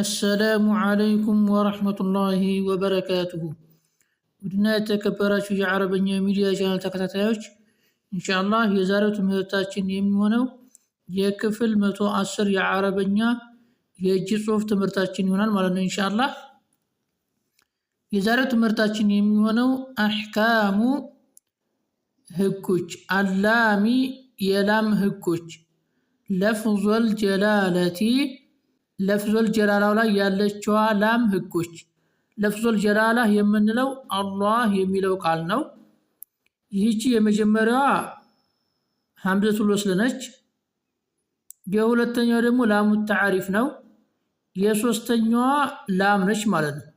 አሰላሙ ዓለይኩም ወረህመቱላሂ ወበረካቱሁ። ውድና የተከበራችሁ የአረበኛ ሚዲያ ቻናል ተከታታዮች እንሻአላህ የዛሬው ትምህርታችን የሚሆነው የክፍል መቶ አስር የአረበኛ የእጅ ጽሑፍ ትምህርታችን ይሆናል ማለት ነው። እንሻአላህ የዛሬው ትምህርታችን የሚሆነው አሕካሙ ህጎች፣ አላሚ የላም ህጎች ለፍዞል ጀላለቲ ለፍዞል ጀላላው ላይ ያለችዋ ላም ህጎች ለፍዞል ጀላላ የምንለው አላህ የሚለው ቃል ነው። ይህቺ የመጀመሪያዋ ሐምዘቱል ወስል ነች። የሁለተኛው ደግሞ ላሙ ተዓሪፍ ነው። የሶስተኛዋ ላም ነች ማለት ነው።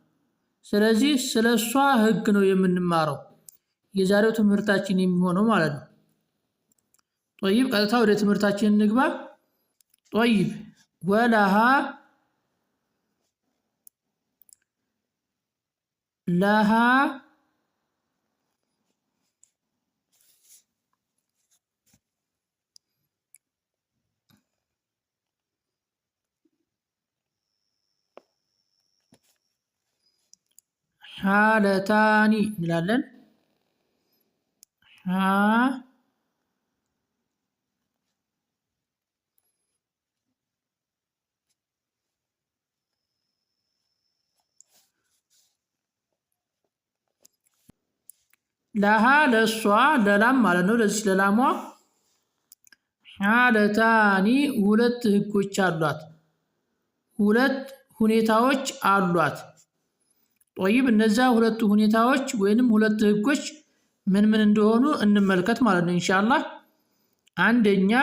ስለዚህ ስለ እሷ ህግ ነው የምንማረው የዛሬው ትምህርታችን የሚሆነው ማለት ነው። ጦይብ ቀጥታ ወደ ትምህርታችን እንግባ። ጦይብ ወላሃ لها حالتان نلالن ها ለሃ ለእሷ ለላም ማለት ነው። ለዚች ለላሟ ሓለታኒ ሁለት ህጎች አሏት፣ ሁለት ሁኔታዎች አሏት። ጦይብ እነዚያ ሁለቱ ሁኔታዎች ወይንም ሁለት ህጎች ምን ምን እንደሆኑ እንመልከት ማለት ነው እንሻላ አንደኛ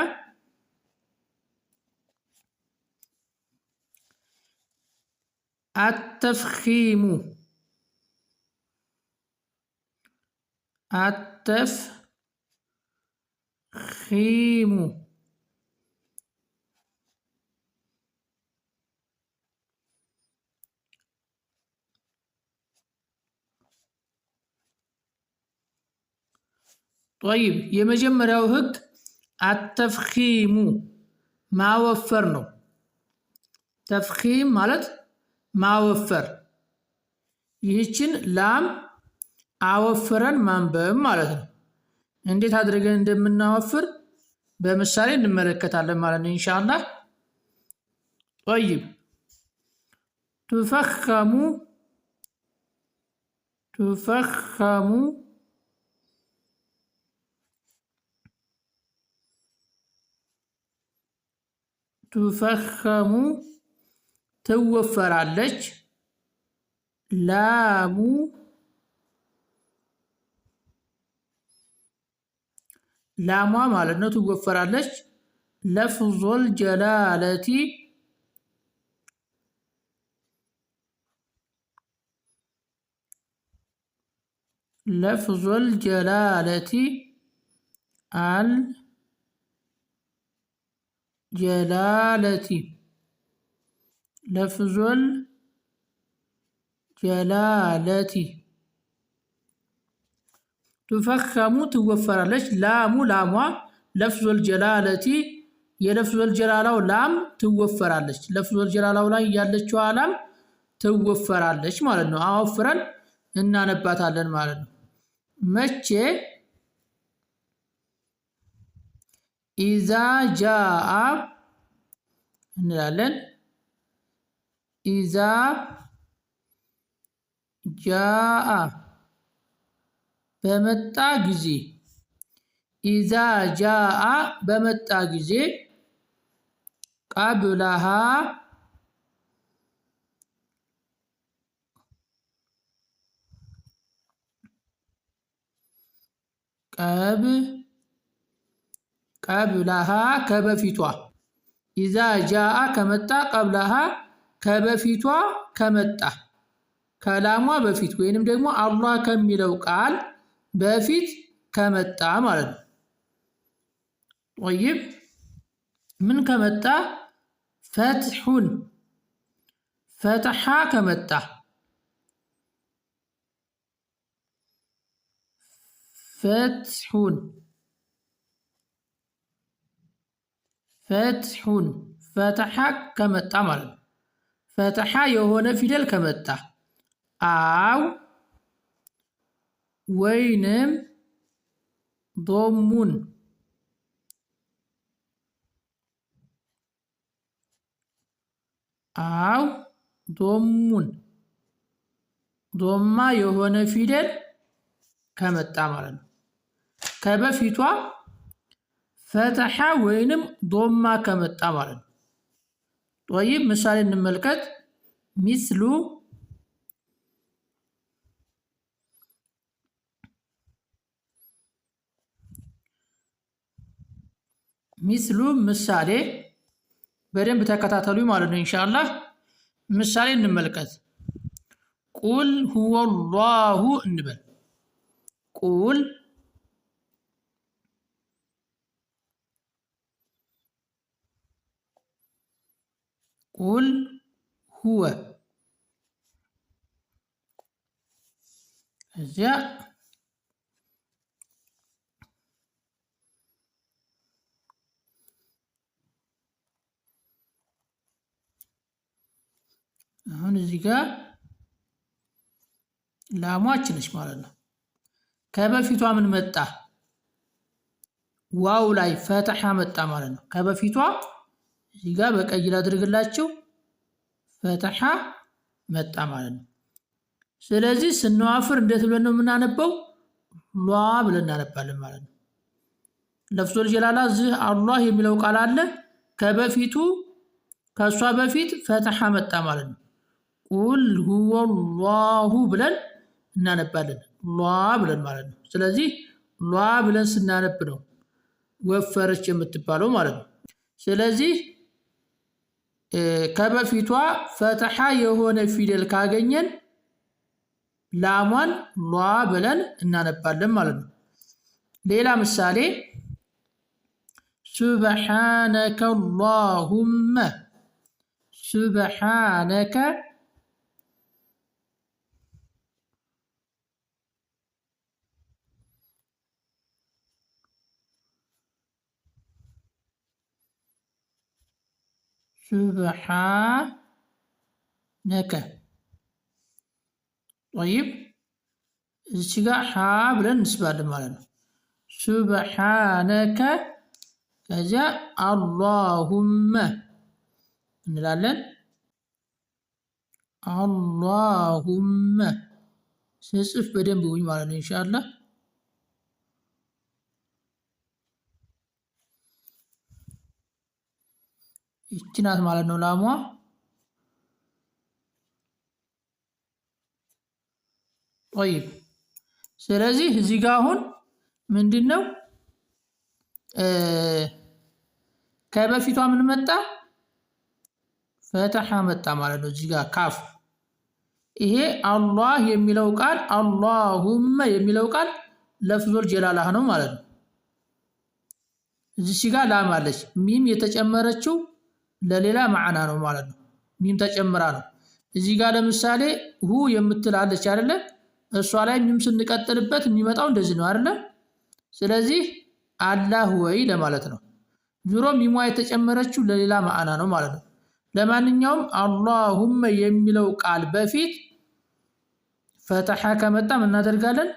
አተፍኺሙ አተፍ ኺሙ ጦይብ የመጀመሪያው ህግ አተፍኺሙ ማወፈር ነው። ተፍኺም ማለት ማወፈር። ይህችን ላም አወፍረን ማንበብ ማለት ነው። እንዴት አድርገን እንደምናወፍር በምሳሌ እንመለከታለን ማለት ነው እንሻላ ጠይብ ቱፈኸሙ ቱፈኸሙ ቱፈኸሙ ትወፈራለች ላሙ لاما مالنا توفر لش لفظ الجلالة لفظ الجلالة ال جلالة لفظ الجلالة جلالتي ቱፈኸሙ ትወፈራለች። ላሙ ላሟ ለፍዞል ጀላለቲ የለፍዞል ጀላላው ላም ትወፈራለች። ለፍዞል ጀላላው ላይ ያለችው ላም ትወፈራለች ማለት ነው። አወፍረን እናነባታለን ማለት ነው። መቼ ኢዛ ጃአ እንላለን። ኢዛ ጃአ በመጣ ጊዜ ኢዛ ጃአ በመጣ ጊዜ ቀብላሃ ቀብ ቀብለሃ ከበፊቷ ኢዛ ጃአ ከመጣ ቀብላሃ ከበፊቷ ከመጣ ከላሟ በፊት ወይንም ደግሞ አላህ ከሚለው ቃል በፊት ከመጣ ማለት ነው። ጠይብ ምን ከመጣ ፈትሑን ፈትሓ ከመጣ ፈትሑን ፈትሑን ፈትሓ ከመጣ ማለት ነው። ፈትሓ የሆነ ፊደል ከመጣ አው وين ضم አው ዶሙን ዶማ የሆነ ፊደል ከመጣ ማለት ነው። ከበፊቷ ፈተሓ ወይንም ዶማ ከመጣ ማለት ነው። ጦይብ ምሳሌ እንመልከት። ሚስሉ ሚስሉ ምሳሌ በደንብ ተከታተሉ ማለት ነው። ኢንሻአላህ ምሳሌ እንመልከት። ቁል ሁወላሁ እንበል። ቁል ቁል ሁወ እዚያ አሁን እዚህ ጋር ነች ማለት ነው። ከበፊቷ ምን መጣ? ዋው ላይ ፈትሐ መጣ ማለት ነው። ከበፊቷ እዚህ ጋር በቀይ ላድርግላችሁ ፈትሐ መጣ ማለት ነው። ስለዚህ ስንዋፍር እንዴት ብለን ነው የምናነበው? ሏ ብለን እናነባለን ማለት ነው። ልጅ ላላ ዝህ አሏህ የሚለው ቃል አለ። ከበፊቱ ከእሷ በፊት ፈትሐ መጣ ማለት ነው። ቁል ሁወ ላሁ ብለን እናነባለን። ሏ ብለን ማለት ነው። ስለዚህ ሏ ብለን ስናነብ ነው ወፈረች የምትባለው ማለት ነው። ስለዚህ ከበፊቷ ፈትሓ የሆነ ፊደል ካገኘን ላሟን ሏ ብለን እናነባለን ማለት ነው። ሌላ ምሳሌ ሱብሓነከ ላሁመ ሱብሓነከ سبحانك طيب إيش حا بلن نسبة لمالنا سبحانك كذا اللهم نلالن اللهم سنصف بدن بوين مالنا إن شاء الله ይቺ ናት ማለት ነው ላሟ። ጠይብ ስለዚህ እዚህ ጋር አሁን ምንድን ነው ከበፊቷ ምን መጣ? ፈተሐ መጣ ማለት ነው። እዚህ ጋር ካፍ ይሄ አላህ የሚለው ቃል አላሁመ የሚለው ቃል ለፍዞል ጀላላህ ነው ማለት ነው። እዚህ ጋ ላም አለች ሚም የተጨመረችው ለሌላ ማዕና ነው ማለት ነው። ሚም ተጨምራ ነው። እዚህ ጋር ለምሳሌ ሁ የምትል አለች አይደለ? እሷ ላይ ሚም ስንቀጥልበት የሚመጣው እንደዚህ ነው አይደለ? ስለዚህ አላህ ወይ ለማለት ነው። ዙሮ ሚሟ የተጨመረችው ለሌላ ማዕና ነው ማለት ነው። ለማንኛውም አላሁመ የሚለው ቃል በፊት ፈተሓ ከመጣ ምን እናደርጋለን?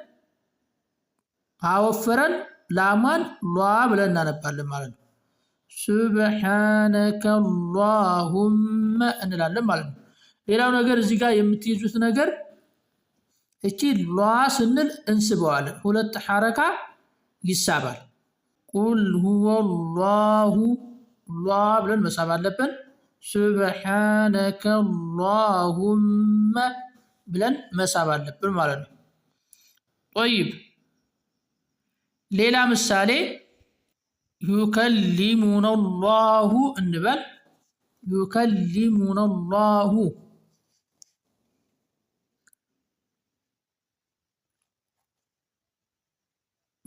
አወፍረን ላሟን ሏ ብለን እናነባለን ማለት ነው። ሱብሓነከ አላሁመ እንላለን ማለት ነው። ሌላው ነገር እዚህ ጋር የምትይዙት ነገር እቺ ሏ ስንል እንስበዋለን። ሁለት ሐረካ ይሳባል። ቁል ሁወ ሏሁ ሏ ብለን መሳብ አለብን። ሱብሓነከ አላሁመ ብለን መሳብ አለብን ማለት ነው። ጦይብ ሌላ ምሳሌ يكلمنا الله نبل يكلمنا الله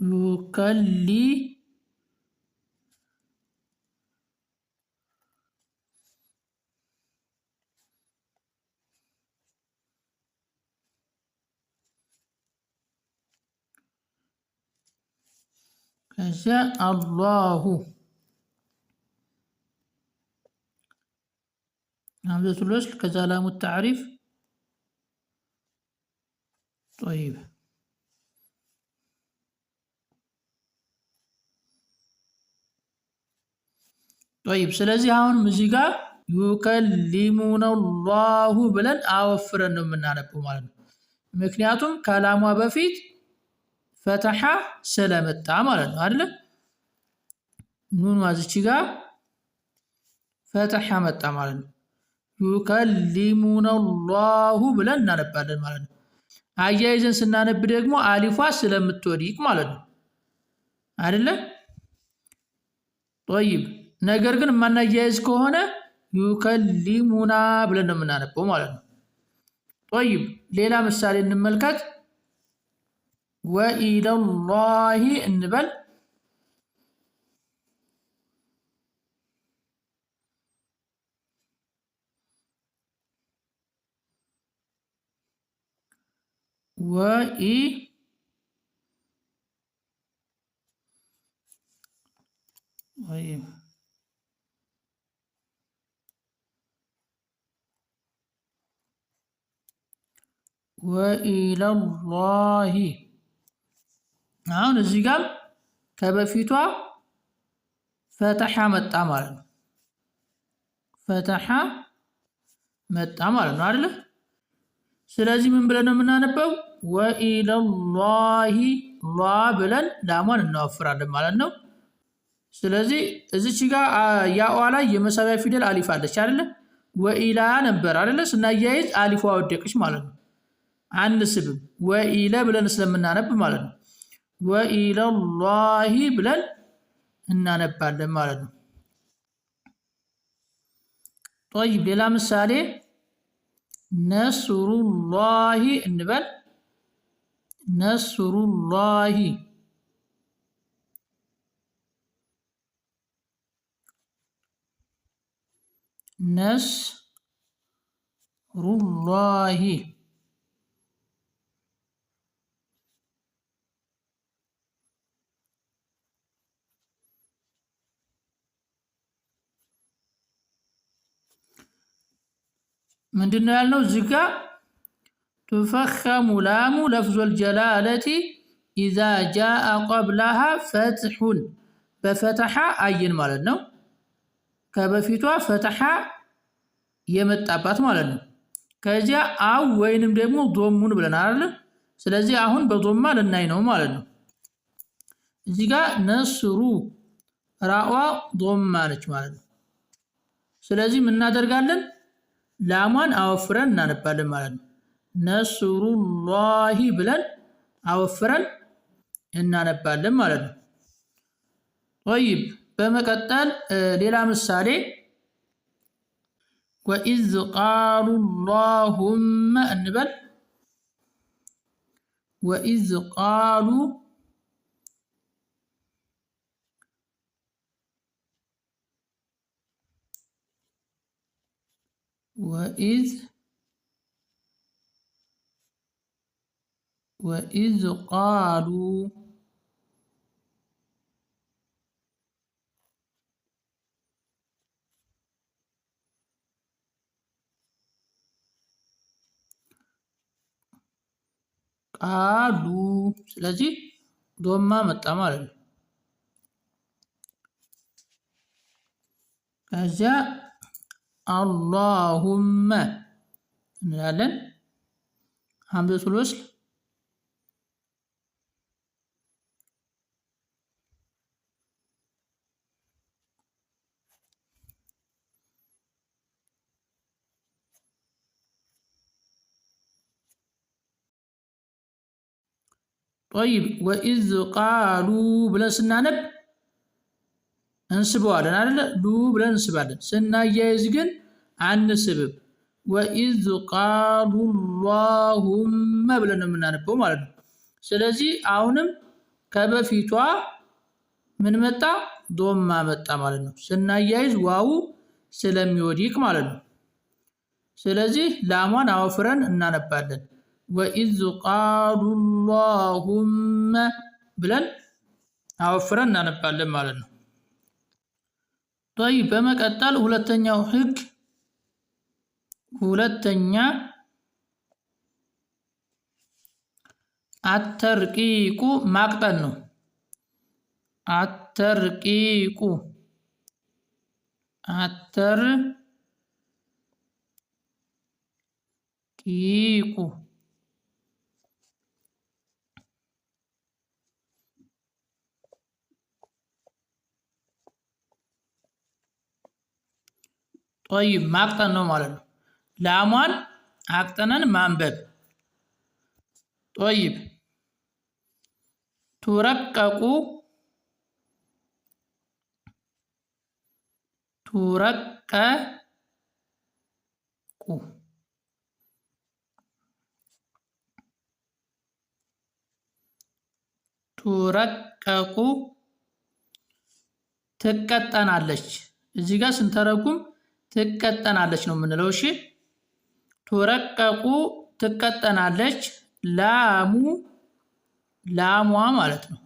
يكلمنا شاء الله همزة الوصل كزلام التعريف طيب طيب سلازي هاون مزيكا يكلمون الله بلن اوفرن من انا بومان مكنياتهم كلام وبفيت ፈተሐ ስለመጣ ማለት ነው አይደለ? ኑን ማዝቺ ጋር ፈተሐ መጣ ማለት ነው። ዩከሊሙነ ላሁ ብለን እናነባለን ማለት ነው። አያይዘን ስናነብ ደግሞ አሊፏ ስለምትወዲቅ ማለት ነው አይደለ? ጠይብ ነገር ግን የማናያይዝ ከሆነ ዩከሊሙና ብለን ነው የምናነበው ማለት ነው። ጠይብ ሌላ ምሳሌ እንመልከት። وإلى الله نبل وإي طيب وإلى الله አሁን እዚህ ጋር ከበፊቷ ፈተሓ መጣ ማለት ነው። ፈተሓ መጣ ማለት ነው አይደለ? ስለዚህ ምን ብለን ነው የምናነበው? ወኢለላሂ ላ ብለን ላሟን እናወፍራለን ማለት ነው። ስለዚህ እዚች ጋ ያዋ ላይ የመሳቢያ ፊደል አሊፍ አለች አይደለ? ወኢላ ነበር አይደለ? ስናያይዝ አሊፏ ወደቀች ማለት ነው። አንስብም ወኢለ ብለን ስለምናነብ ማለት ነው። ወኢለላሂ ብለን እናነባለን ማለት ነው። ጦይ ሌላ ምሳሌ ነስሩላሂ እንበል። ነስሩላሂ ነስሩላሂ ምንድን ነው ያልነው? እዚህ ቱፈኸሙ ላሙ ለፍዞል ጀላለቲ ኢዛ ጃአ ቆብላሃ ፈትሑን በፈተሓ አይን ማለት ነው። ከበፊቷ ፈተሓ የመጣባት ማለት ነው። ከዚያ አው ወይንም ደግሞ ዶሙን ብለን አለ። ስለዚህ አሁን በዶማ ልናይ ነው ማለት ነው። እዚህ ጋ ነስሩ ራዋ ዶማ ነች ማለት ነው። ስለዚህ ምን እናደርጋለን? ላሟን አወፍረን እናነባለን ማለት ነው። ነስሩላሂ ብለን አወፍረን እናነባለን ማለት ነው። ጠይብ በመቀጠል ሌላ ምሳሌ ወኢዝ ቃሉ ላሁመ እንበል። ወኢዝ ቃሉ وإذ وإذ قالوا قالوا سلازي دوما متامل كذا اللهم نعلن همزة الوصل طيب وإذ قالوا بلا سنانب እንስበዋለን አደለ? ሉ ብለን እንስባለን። ስናያይዝ ግን አንስብም። ወኢዝ ቃሉ ላሁመ ብለን የምናነበው ማለት ነው። ስለዚህ አሁንም ከበፊቷ ምን መጣ? ዶማ መጣ ማለት ነው። ስናያይዝ ዋው ስለሚወዲቅ ማለት ነው። ስለዚህ ላሟን አወፍረን እናነባለን። ወኢዝ ቃሉ ላሁመ ብለን አወፍረን እናነባለን ማለት ነው። ይ በመቀጠል ሁለተኛው ህግ ሁለተኛ አተርቂቁ ማቅጠን ነው። አተርቂቁ አተር ቂቁ ጠይብ ማቅጠን ነው ማለት ነው። ላሟን አቅጠነን ማንበብ። ጠይብ ቱረቀቁ ቱረቀቁ ቱረቀቁ ትቀጠናለች። እዚህ ጋር ስንተረጉም ትቀጠናለች ነው የምንለው። እሺ ቱረቀቁ ትቀጠናለች። ላሙ ላሟ ማለት ነው።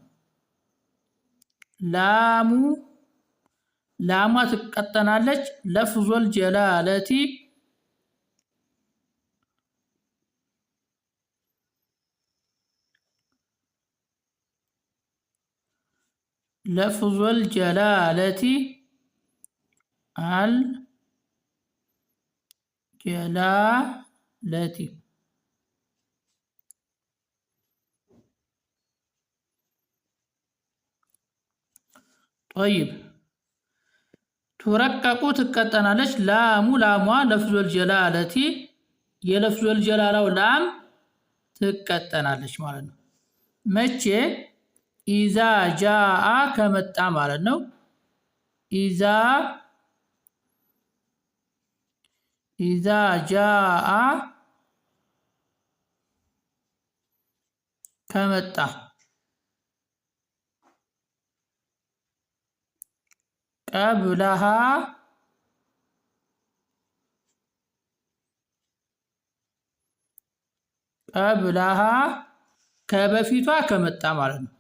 ላሙ ላሟ ትቀጠናለች። ለፍዞል ጀላለቲ ለፍዞል ጀላለቲ አል ጀላለቲ ጦይብ ቱረቀቁ ትቀጠናለች። ላሙ ላሟ ለፍዞል ጀላለቲ የለፍዞል ጀላላው ላም ትቀጠናለች ማለት ነው። መቼ ኢዛ ጃአ ከመጣ ማለት ነው። ኢዛ ኢዛ ጃአ ከመጣ ቀብለሃ ቀብለሃ ከበፊቷ ከመጣ ማለት ነው።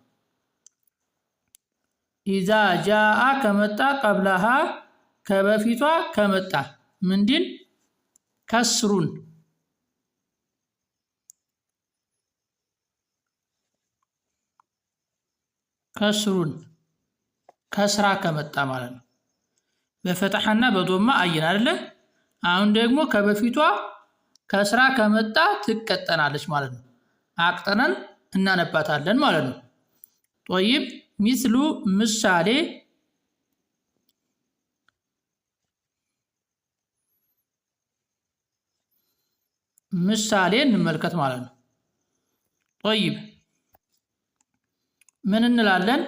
ኢዛ ጃአ ከመጣ ቀብለሃ ከበፊቷ ከመጣ ምንድን ከስሩን ከስሩን ከስራ ከመጣ ማለት ነው። በፈትሐና በዶማ አየን አይደለ? አሁን ደግሞ ከበፊቷ ከስራ ከመጣ ትቀጠናለች ማለት ነው። አቅጠነን እናነባታለን ማለት ነው። ጦይብ ሚስሉ ምሳሌ ምሳሌ እንመልከት ማለት ነው። ጠይብ ምን እንላለን?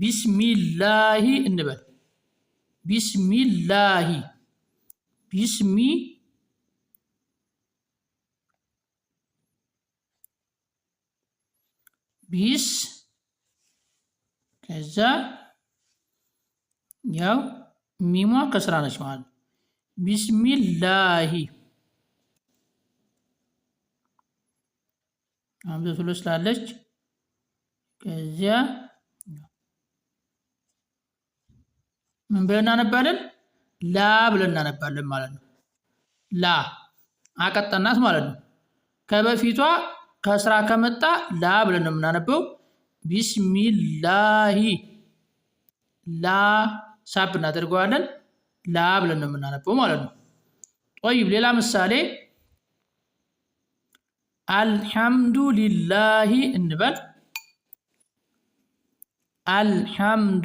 ቢስሚላሂ እንበል። ቢስሚላሂ ቢስሚ ቢስ ከዛ ያው ሚሟ ከስራ ነች ማለት ነው። ቢስሚላሂ ሃምሳ ሁለት ስላለች ከዚያ ምን ብለን እናነባለን? ላ ብለን እናነባለን ማለት ነው። ላ አቀጠናት ማለት ነው። ከበፊቷ ከስራ ከመጣ ላ ብለን ነው የምናነበው። ቢስሚላሂ ላ ሳብ እናደርገዋለን። ላ ብለን ነው የምናነበው ማለት ነው። ጦይብ ሌላ ምሳሌ አልሐምዱ ሊላሂ እንበል። አልሐምዱ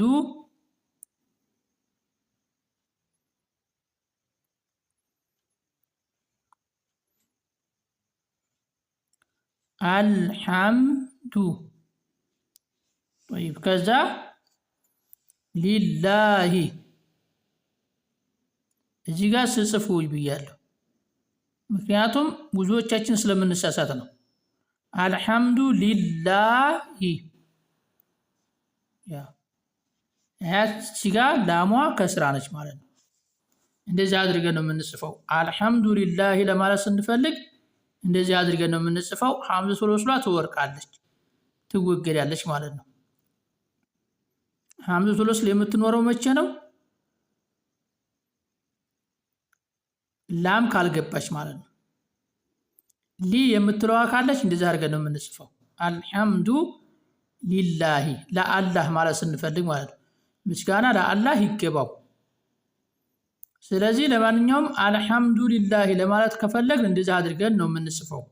አልሐምዱ ጠይብ ከዛ ሊላሂ እዚህ ጋር ስጽፉ ብያለሁ። ምክንያቱም ብዙዎቻችን ስለምንሳሳት ነው። አልሐምዱ ሊላሂ ያቺ ጋ ላሟ ከስራ ነች ማለት ነው። እንደዚህ አድርገን ነው የምንጽፈው። አልሐምዱ ሊላሂ ለማለት ስንፈልግ እንደዚህ አድርገን ነው የምንጽፈው። ሐምዝ ሶሎስሏ ትወርቃለች፣ ትወገዳለች ማለት ነው። ሐምዝ ሶሎስል የምትኖረው መቼ ነው? ላም ካልገባች ማለት ነው። ሊ የምትለዋ ካለች እንደዚህ አድርገን ነው የምንጽፈው። አልሐምዱ ሊላሂ ለአላህ ማለት ስንፈልግ ማለት ነው። ምስጋና ለአላህ ይገባው። ስለዚህ ለማንኛውም አልሐምዱ ሊላሂ ለማለት ከፈለግን እንደዚህ አድርገን ነው የምንጽፈው።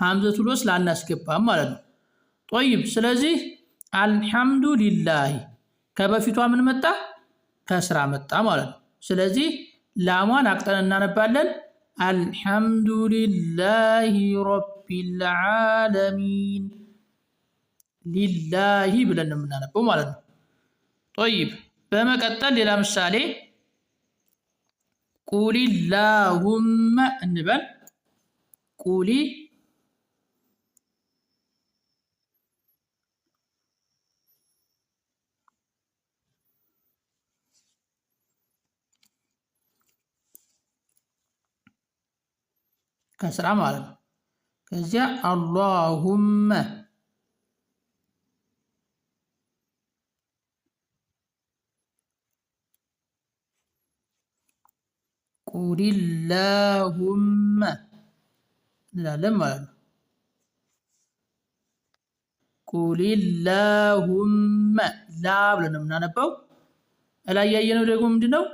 ሐምዘቱል ወስል አናስገባም ማለት ነው። ጦይብ ስለዚህ አልሐምዱ ሊላሂ ከበፊቷ ምን መጣ? ከስራ መጣ ማለት ነው። ስለዚህ ላሟን አቅጠን እናነባለን። አልሐምዱሊላሂ ረቢል ዓለሚን ሊላሂ ብለን የምናነበው ማለት ነው። ጦይብ በመቀጠል ሌላ ምሳሌ ቁሊላሁመ እንበል ቁሊ ከስራ ማለት ነው። ከዚያ አላሁመ ቁሪላሁመ እንላለን ማለት ነው። ቁሊላሁመ ላ ብለን የምናነባው እላይ ያየነው ደግሞ ምንድነው?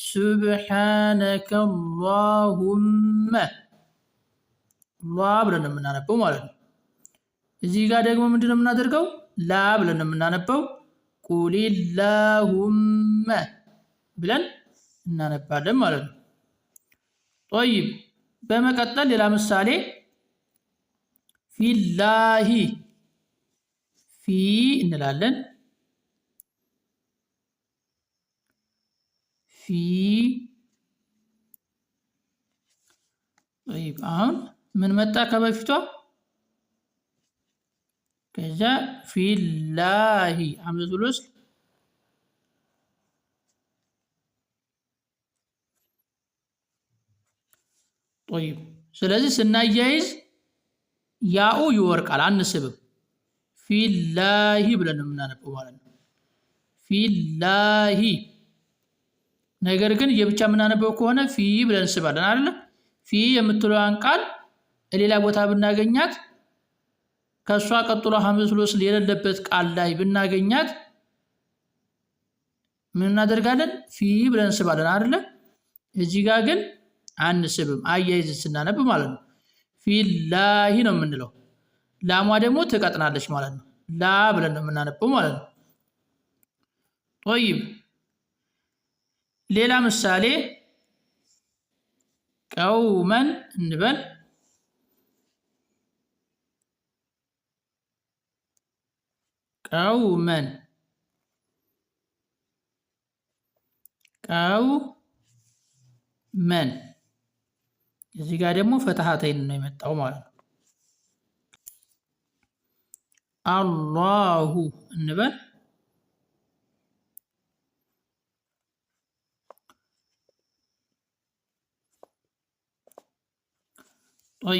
ሱብሓነከ አላሁመ ሏ ብለን የምናነበው ማለት ነው። እዚህ ጋር ደግሞ ምንድን ነው የምናደርገው? ላ ብለን የምናነበው ቁሊላሁመ ብለን እናነባለን ማለት ነው። ጦይብ በመቀጠል ሌላ ምሳሌ ፊላሂ ፊ እንላለን። ፊ አሁን ምን መጣ ከበፊቷ? ከዛ ፊላሂ ሐምዘቱል ወስል ጦይብ። ስለዚህ ስናያይዝ ያኡ ይወርቃል፣ አንስብም። ፊላሂ ብለን የምናነበው ማለት ነው። ፊላሂ ነገር ግን የብቻ የምናነበው ከሆነ ፊ ብለን እንስባለን አይደለ? ፊ የምትለዋን ቃል ሌላ ቦታ ብናገኛት ከእሷ ቀጥሎ ሐምዝ ሉስል የሌለበት ቃል ላይ ብናገኛት ምን እናደርጋለን? ፊ ብለን እንስባለን አይደለ? እዚህ ጋ ግን አንስብም፣ አያይዝን ስናነብ ማለት ነው። ፊላሂ ነው የምንለው። ላሟ ደግሞ ትቀጥናለች ማለት ነው። ላ ብለን ነው የምናነበው ማለት ነው። ጦይብ ሌላ ምሳሌ ቀውመን እንበል ቀውመን ቀው መን እዚህ ጋር ደግሞ ፈትሐተይን ነው የመጣው ማለት ነው። አላሁ እንበል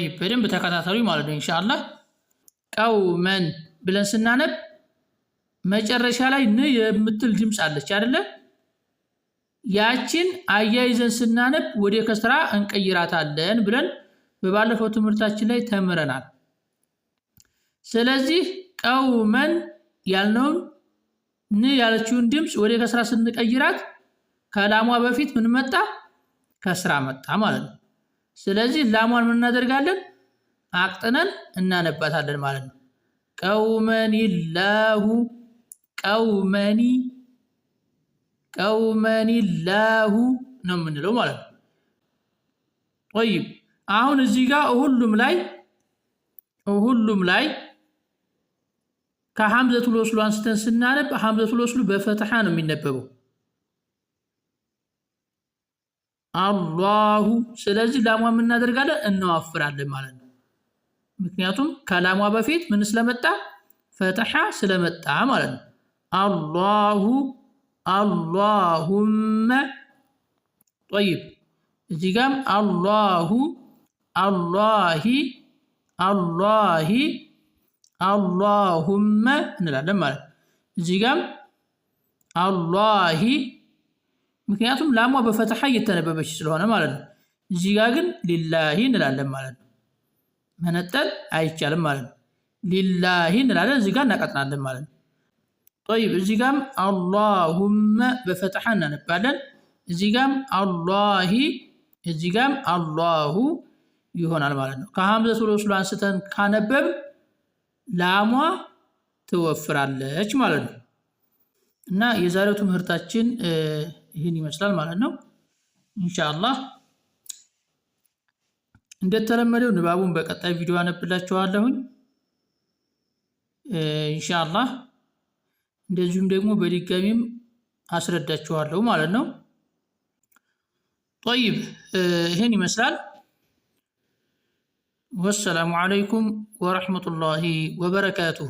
ይ በደንብ ተከታተሉ ማለት ነው። ኢንሻአላህ ቀውመን ብለን ስናነብ መጨረሻ ላይ ን የምትል ድምፅ አለች አደለ? ያችን አያይዘን ስናነብ ወደ ከስራ እንቀይራታለን ብለን በባለፈው ትምህርታችን ላይ ተምረናል። ስለዚህ ቀውመን ያልነውን ን ያለችውን ድምፅ ወደ ከስራ ስንቀይራት ከላሟ በፊት ምን መጣ? ከስራ መጣ ማለት ነው። ስለዚህ ላሟን ምን እናደርጋለን? አቅጥነን እናነባታለን ማለት ነው። ቀውመን ይላሁ ቀውመኒ ቀውመኒ ላሁ ነው የምንለው ማለት ነው። ጠይብ አሁን እዚህ ጋር ሁሉም ላይ ሁሉም ላይ ከሐምዘቱል ወስሉ አንስተን ስናነብ ሐምዘቱል ወስሉ በፈትሓ ነው የሚነበበው አላሁ። ስለዚህ ላሟ የምናደርጋለን እናዋፍራለን ማለት ነው። ምክንያቱም ከላሟ በፊት ምን ስለመጣ ፈትሓ ስለመጣ ማለት ነው። አላሁ አላሁመ ጠይብ። እዚህ ጋም አላሁ አላሂ አላሂ አላሁመ እንላለን ማለት ነው። እዚህ ጋም አላሂ ምክንያቱም ላሟ በፈትሐ እየተነበበች ስለሆነ ማለት ነው። እዚህ ጋ ግን ሊላሂ እንላለን ማለት ነው። መነጠል አይቻልም ማለት ነው። ሊላሂ እንላለን፣ እዚህ ጋ እናቀጥናለን ማለት ነው። ጠይብ እዚህ ጋም አላሁመ በፈትሐ እናነባለን። እዚህ ጋም አላሂ እዚህ ጋም አላሁ ይሆናል ማለት ነው። ከሐምዘ ሱሎስሉ አንስተን ካነበብ ላሟ ትወፍራለች ማለት ነው። እና የዛሬው ትምህርታችን ይህን ይመስላል ማለት ነው። ኢንሻአላህ እንደተለመደው ንባቡን በቀጣይ ቪዲዮ አነብላችኋለሁኝ ኢንሻአላህ። እንደዚሁም ደግሞ በድጋሚም አስረዳችኋለሁ ማለት ነው። ጠይብ ይህን ይመስላል። ወሰላሙ አለይኩም ወረሕመቱላሂ ወበረካቱሁ።